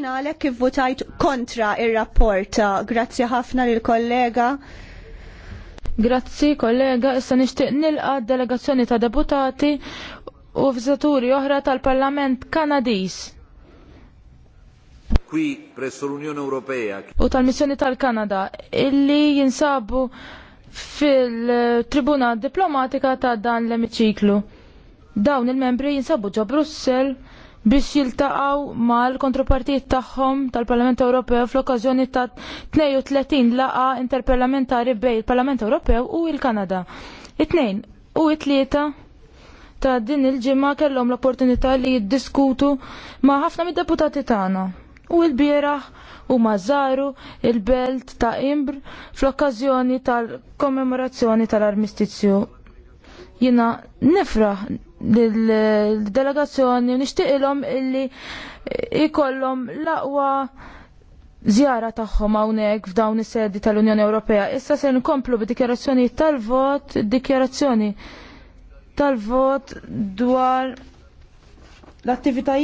Jina għalek kif votajt kontra il-rapport. Grazzi ħafna lil kollega Grazzi kollega, issa nixtieq nilqa delegazzjoni ta' deputati u vizaturi oħra tal-Parlament Kanadis. Qui presso l-Unjoni Ewropea. U tal-missjoni tal-Kanada illi jinsabu fil-tribuna diplomatika ta' dan l-emiċiklu. Dawn il-membri jinsabu ġo Brussel biex jiltaqgħu mal-kontropartijiet tagħhom tal-Parlament Ewropew fl-okkażjoni ta' 32 laqa interparlamentari bejn il-Parlament Ewropew u l-Kanada. It-tnejn u it-tlieta ta' din il-ġimgħa kellhom l-opportunità li jiddiskutu ma' ħafna mid-deputati tagħna. U l-bieraħ u mażaru il-belt ta' Imbr fl-okkażjoni tal-kommemorazzjoni tal-armistizzju. Jina nifraħ l-delegazzjoni nixtieq ilhom illi ikollhom l-aqwa zjara tagħhom hawnhekk f'dawn is-sedi tal-Unjoni Ewropea. Issa se nkomplu bid-dikjarazzjoni tal-vot, dikjarazzjoni tal-vot dwar l-attivitajiet